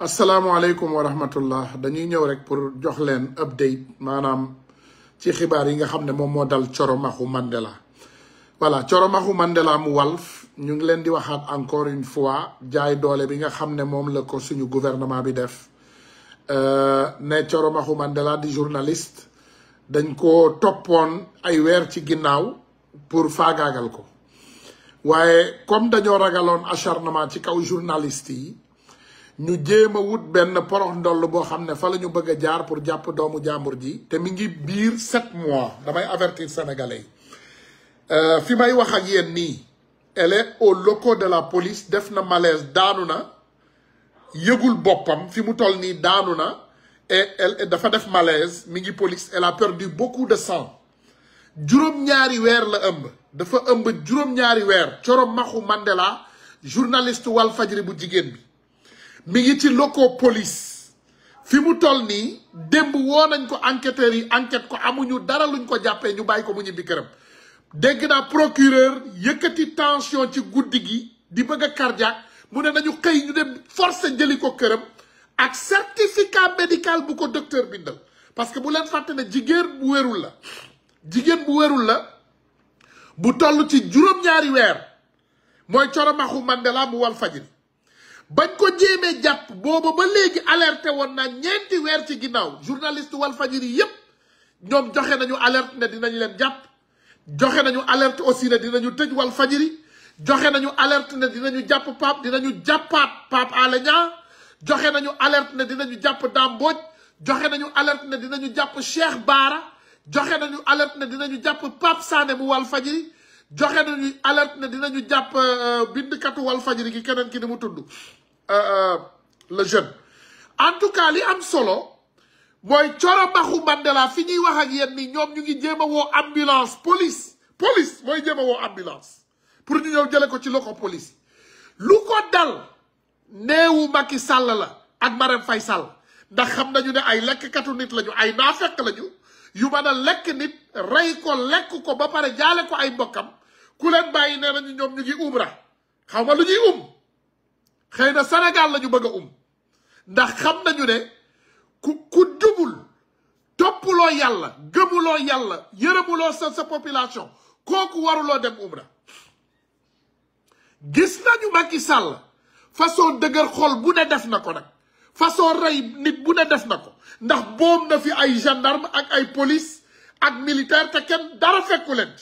asalaamaaleykum wa rahmatullah dañuy ñëw rek pour jox leen update maanaam ci xibaar yi nga xam ne moom moo dal Coromakhou Mandela voilà Coromakhou Mandela mu Walf ñu ngi leen di waxaat encore une fois jaay doole bi nga xam ne moom la ko suñu gouvernement bi def euh, ne Coromakhou Mandela di journaliste dañ ko toppoon ay weer ci ginnaaw pour faagaagal ko waaye comme dañoo ragaloon acharnement ci kaw journaliste yi ñu jéem wut benn porox ndol boo xam ne fa la ñu bëgg a jaar pour jàpp doomu jàmbur ji te mi ngi biir sept mois damay avertir sénégalais yi euh, fi may wax ak yéen nii elle est au loco de la police def na malaise daanu na yëgul boppam fi mu toll nii daanu na et elle dafa def malaise mi ngi police elle a perdu beaucoup de sang juróom-ñaari weer la ëmb dafa ëmb juróom-ñaari weer coro maxu Mandela journaliste fajri bu jigéen bi mi ngi ci loco police fi mu toll ni demb wo nañ ko enquêteur yi enquête ko amuñu dara luñ ko jappé ñu bay ko mu ñibi kërëm dégg na procureur yëkëti tension ci guddigi di bëgg cardiaque mu ne nañu xey ñu dem forcé jëli ko kërëm ak certificat médical bu ko docteur bindal parce que bu leen faté né jigéen bu wërul la jigeen bu wërul la bu toll ci juroom ñaari moy choro maxu Mandela mu wal fajir bañ ko jéemee japp booba ba légui alerté won na ñenti wër ci ginnaw journaliste wal fajiri yépp ñom joxé nañu alerte né dinañ leen japp joxé nañu alerte aussi né dinañu tejj wal fajiri joxé nañu alerte né dinañu japp pap dinañu jappat pap alaña joxé nañu alerte né dinañu japp dambot joxé nañu alerte né dinañu japp cheikh bara joxé nañu alerte né dinañu japp pap sané mu wal fajiri joxé nañu alerte né dinañu jàpp euh, katu wal fajiri gi kenen ki ni mu tuddu Euh, euh, le jeune en tout cas li am solo mooy coro maxu Mandela fi ñuy wax ak yéen ni ñoom ñu ngi jéem a woo ambulance police police mooy jéem a ambulance pour ñu ñëw jële ko ci loxo police lu ko dal neewu Macky Sall la ak Marème fay Sall ndax xam nañu ne ay lekkkatu nit lañu ay naa naafeq lañu yu mën a lekk nit rey ko lekk ko ba pare jaale ko ay mbokkam ku leen bàyyi nee nañu ñoom ñu ngi ra xaw ma lu ñuy um xëy na Sénégal la ñu bëgg a um ndax xam nañu ne ku ku jubul toppuloo yàlla gëmuloo yàlla yërëmuloo sa sa population kooku waruloo dem umra gis nañu Macky sàll façon dëgër xol bu ne def na ko nag façon rey nit bu ne def na ko ndax boom na fi ay gendarme ak ay police ak militaire te kenn dara fekku leen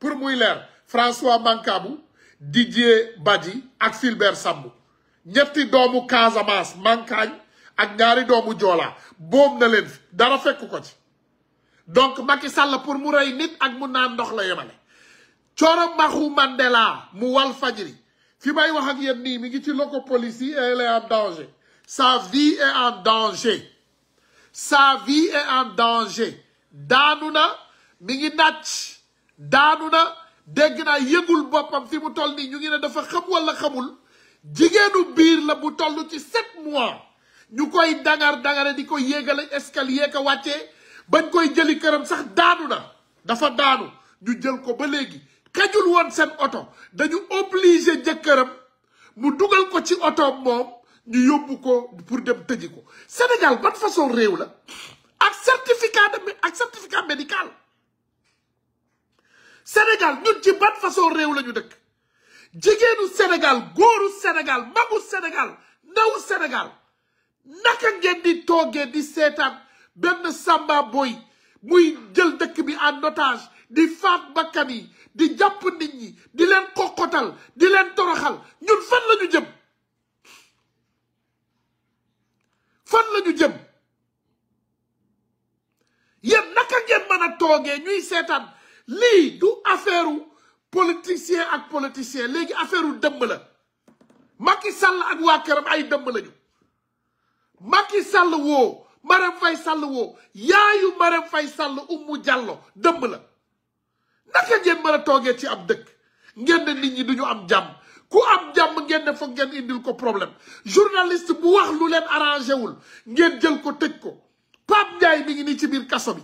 pour muy leer François Mancabou Didier Badji ak Fulbert Sambou ñetti doomu Casamance Mankaañ ak ñaari doomu Joola boom na leen fi dara fekk ko ci donc maki Sall pour mu rey nit ak mu naan ndox la yemale Coro Maxu Mandela mu wal fajri fi may wax ak yéen nii mi ngi ci loco police yi elle est en danger sa vie est en danger sa vie et en danger daanu na mi ngi nàcc daanu na dégg naa yëgul boppam fi mu toll nii ñu ngi ne dafa xam wala xamul jigéenu biir la bu toll ci sept mois ñu koy dangar dangare di ko yéegale escalier ko wàccee bañ koy jëli këram sax daanu na dafa daanu ñu jël ko ba léegi xajul woon seen oto dañu obligé jëkkëram mu dugal ko ci oto moom ñu yóbbu ko pour dem tëji ko Sénégal ban façon réew la ak certificat de ak certificat médical Sénégal ñun ci ban réew lañu ñu dëkk jigéenu Sénégal góoru Sénégal magu Sénégal ndawu Sénégal naka ngeen di toogee di seetaan benn samba boy muy jël dëkk bi en otage di faat bakkan yi di jàpp nit ñi di leen xoqotal di leen toroxal ñun fan la jëm fan la jëm yéen naka ngeen mën toogee ñuy seetaan lii du affaire politicien ak politicien léegi affaire dëmb la Macky sàll ak waa këram ay dëmb lañu Macky Sall woo Marème fay Sall woo yaayu Marème Faye Sall Oumou Diallo dëmb la naka ngeen mën a toogee ci am dëkk ngeen ne nit ñi ñu am jàmm ku am jàmm ngeen ne foog ngeen indil ko problème journaliste bu wax lu leen arrangé wul ngeen jël ko tëj ko Pape Ndiaye mi ngi nii ci biir kaso bi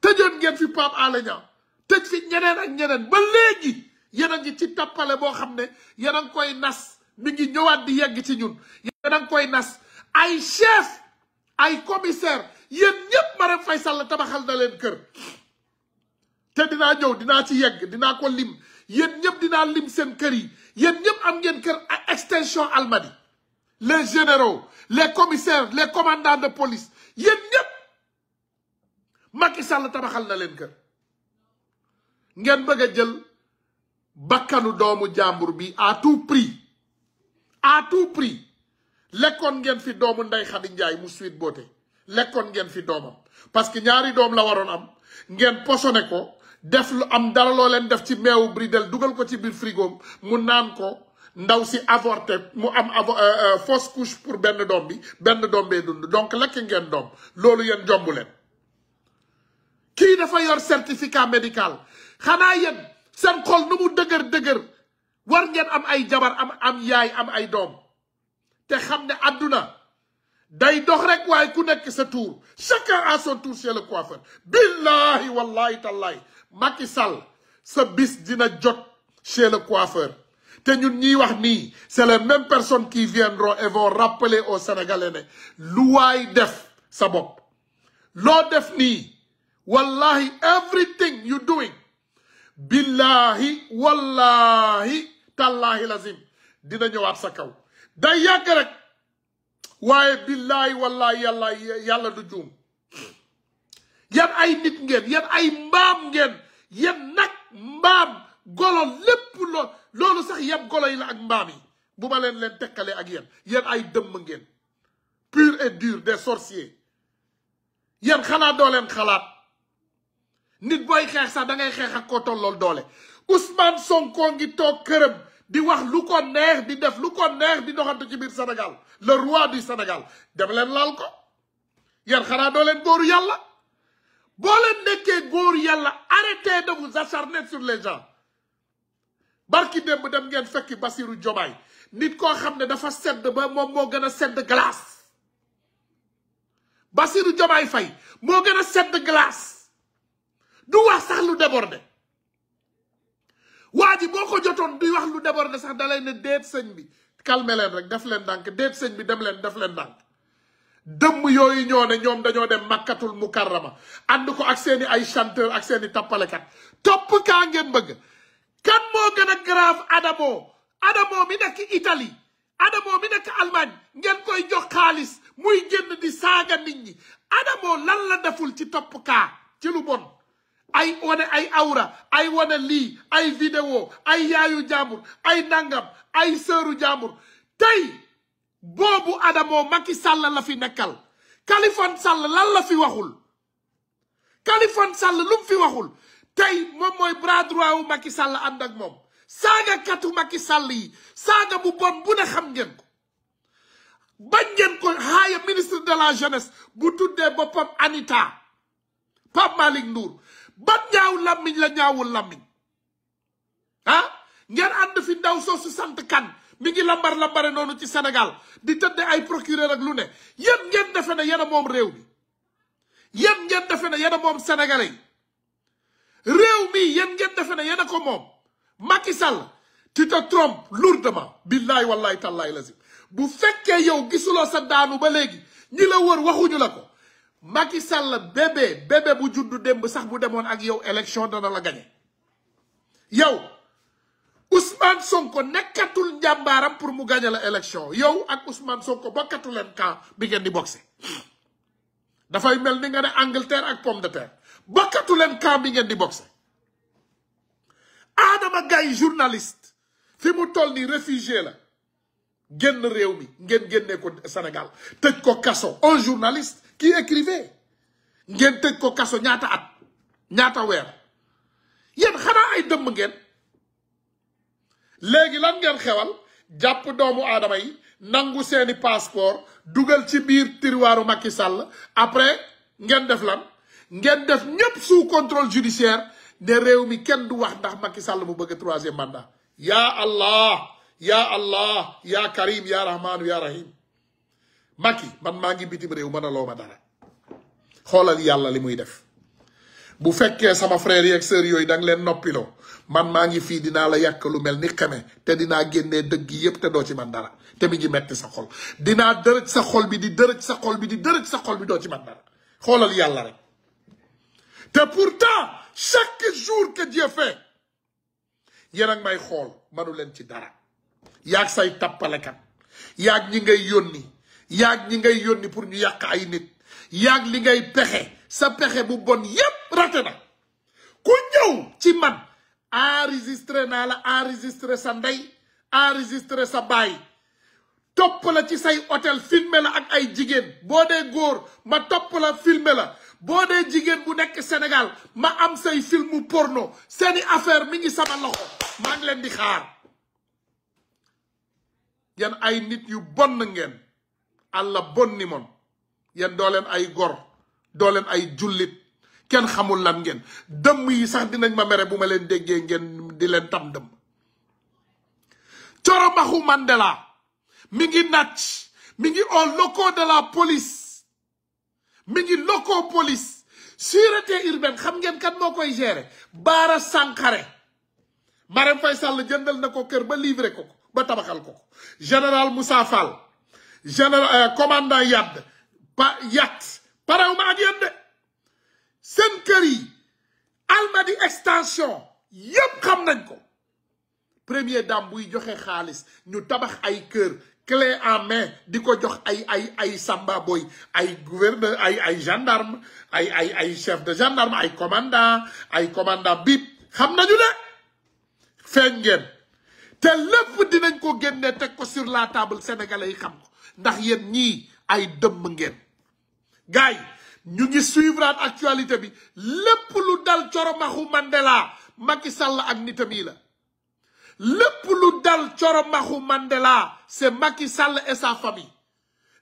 tëjoon ngeen fi Pape Alé tëj fi ñeneen ak ñeneen ba léegi yéen a ngi ci tappale boo xam ne yéen a koy nas mi ngi ñëwaat di yegg ci ñun yéen koy nas ay chef ay commissaire yéen ñépp Marème Faye Sall tabaxal na leen kër te dinaa ñëw dinaa ci yegg dinaa ko lim yéen ñëpp dinaa lim seen kër yi yéen ñëpp am ngeen kër ak extension Almadi les généraux les commissaires les commandants de police yéen ñëpp Macky Sall tabaxal na leen kër ngeen bëgg a jël bakkanu doomu jàmbur bi à tout prix à prix lekkoon ngeen fi doomu Ndeye Khady Ndiaye mu Sweet Beauté lekkoon ngeen fi doomam parce que ñaari doom la waroon am ngeen posone ko def lu am dara leen def ci meewu bridel dugal ko ci biir frigo mu naan ko ndaw si avorte mu am euh, euh, fausse couche pour benn doom bi benn doom bee dund donc lekk ngeen doom loolu yéen jombu leen kii dafa yor certificat médical xanaa yéen seen xol nu mu dëgër dëgër war ngeen am ay jabar am am yaay am ay doom te xam ne àdduna day dox rek waay ku nekk sa tour chacun à son tour chez le coiffeur billahi wallahi tallahi Macky Sall sa bis dina jot chez le coiffeur te ñun ñiy wax ni c'est les mêmes personnes qui viendront et vont rappeler aux Sénégalais ne lu waay def sa bopp loo def nii wallahi everything you doing billaahi wallaahi tallaahi lazim dina ñëwaat sa kaw day yàgg rek waaye billaahi wallaahi yàlla yàlla du juum yan ay nit ngeen yan ay mbaam ngeen yan nag mbaam golo lépp loo loolu sax yab golo yi la ak mbaam yi bu ma leen leen tekkalee ak yéen yéen ay dëmm ngeen pur et dur des sorciers yéen xanaa doo leen xalaat nit booy xeex sax da ngay xeex ak ko tollool doole Ousmane Sonko ngi toog këram di wax lu ko neex di def lu ko neex di doxante ci biir Sénégal le roi du Sénégal dem leen laal ko yéen xanaa doo leen góoru yàlla boo leen nekkee góoru yàlla arrêtez de vous acharner sur les gens barki démb dem ngeen fekk Bassirou Diomaye nit koo xam ne dafa sedd ba moom moo gën a sedd glace Bassirou Diomaye Faye moo gën a sedd glace du wax sax lu débordé waa ji boo ko jotoon du wax lu débordé sax dalay ne déet sëñ bi calmer leen rek def leen ndànk déet sëñ bi dem leen def leen ndànk dëmm yooyu ñoo ne ñoom dañoo dem makkatul mukarrama ànd ko ak seeni ay chanteur ak seeni tappalekat topp kaa ngeen bëgg kan moo gën a grave Adamo Adamo mi nekk Italie Adamo mi nekk Allemagne ngeen koy jox xaalis muy génn di saaga nit ñi Adamo lan la deful ci topp kaa ci lu bon ay wane ay awra ay wane lii ay vidéo ay yaayu jàmbur ay nangam ay sëru jàmbur tey boobu Adamo Macky Sall la fi nekkal Kalifone Sall lan la fi waxul Kalifone Sall lu mu fi waxul tey moom mooy bras droit wu Macky Sall ànd ak moom saaga katu Macky Sall yi saaga bu bon bu ne xam ngeen ko bañ ngeen ko xaaya ministre de la jeunesse bu tudde boppam Anita Pape Malick Ndour ban ñaaw làmmiñ la ñaawul làmmiñ ah ngeen ànd fi ndaw soosu sant kan mi ngi lambar lambare noonu ci senegal di tëdd ay procureur ak lu ne yéen ngeen defe na yéen a moom réew mi yéen ngeen defe na yéen a moom sénégalais yi réew mi yéen ngeen defe ne yéen a ko moom Macky Sall tu te trompes lourdement billaay wallaay tallaay lazim bu fekkee yow gisuloo sa daanu ba léegi ñi la wër waxuñu la ko Macky Sall bébé bébé bu juddu démb sax bu demoon ak yow élection dana la gañe yow Ousmane Sonko nekkatul njàmbaram pour mu gañe la élection yow ak Ousmane ko bokkatu leen camp bi ngeen di boxe dafay mel ni nga ne Angleterre ak pomme de terre bokkatu leen camp bi ngeen di boxe Adama Gaye journaliste fi mu toll ni réfugié la Gen réew mi ngeen génne ko Sénégal tëj ko kaso un journaliste qui écrivait ngeen tëj ko kaso ñaata at ñaata weer yéen xanaa ay dëmm ngeen léegi lan ngeen xewal jàpp doomu paspor, yi nangu seeni passeport dugal ci biir tiroiru Macky Sall après ngeen def lan ngeen def ñépp sous contrôle judiciaire ne réew mi kenn du wax ndax Macky Sall mu bëgg mandat ya Allah yaa allah yaa karim yaa rahmaanu yaa rahim Macky man maa ngi bitim réew mën a loo ma dara xoolal yàlla li muy def bu fekkee sama frère yeeg sœur yooyu danga leen noppiloo man maa ngi fii dinaa la yàq lu mel ni xeme te dinaa génnee dëgg yi yépp te doo ci man dara te mi ngi metti sa xol dinaa dërëj sa xol bi di dërëj sa xol bi di dërëj sa xol bi doo ci man dara xoolal yàlla rek te pourtant chaque jour que Dieu fait yéen may xool manu leen ci dara yaag say tappalekat yaag ñi ngay yónni yaag ñi ngay yónni pour ñu yàq ay nit yaag li ngay pexe sa pexe bu bon yépp rate na ku ñëw ci man enregistré naa la enregistré sa ndey enregistré sa baay topp la ci say hôtel filmé la ak ay jigéen boo dee góor ma topp la filmé la boo dee jigéen bu nekk Sénégal ma am say filmu porno seeni affaire mi ngi sama loxo maa ngi leen di xaar yan ay nit yu bon ngeen àlla bon ni moom doo leen ay gor doo leen ay jullit kenn xamul lan ngeen dëmm yi sax dinañ ma mere bu ma leen déggee ngeen di leen tam dëmm coromaxu Mandela mi ngi nàcc mi ngi au locaux de la police mi ngi locaux police sûreté urbaine xam ngeen kan moo koy baara Bara Sankaré Marème Faye Sall jëndal na ko kër ba livré ko ko ba tabaxal ko ko général Moussa Fall général euh, commandant Yad pa Yat parewuma ak yéen de seen kër yi Almadi extension yépp xam nañ ko premier dame buy joxe xaalis ñu tabax ay kër clé en main di ko jox ay ay ay samba ay gouverneur ay ay gendarme ay ay ay chef de gendarme ay commandant ay commandant bip xam nañu ne feeñ ngeen té lepp dinañ ko génne teg ko sur la table sénégalais yi xam ko ndax yeen ñi ay dëmm ngeen gaay ñu ngi suivre actualité bi lepp lu dal maxu Mandela Macky Sall ak nitami la lepp lu dal maxu Mandela c'est Macky Sall et sa famille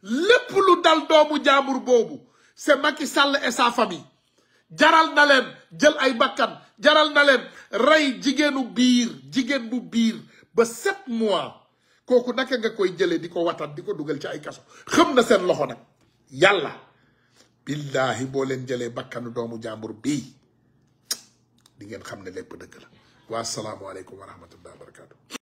lepp lu dal doomu jamur bobu c'est Macky Sall et sa famille jaral na jël ay bakkan jaral na ray rey jigéenu bu bir ba sept mois kooku naka nga koy jëlee di ko watat di ko dugal ci ay kaso xam na seen loxo nag yàlla billaahi boo leen jëlee bakkanu doomu jàmbur bii di ngeen xam ne lépp dëgg la waa salaamu aleykum wa rahmatullah wa barakatu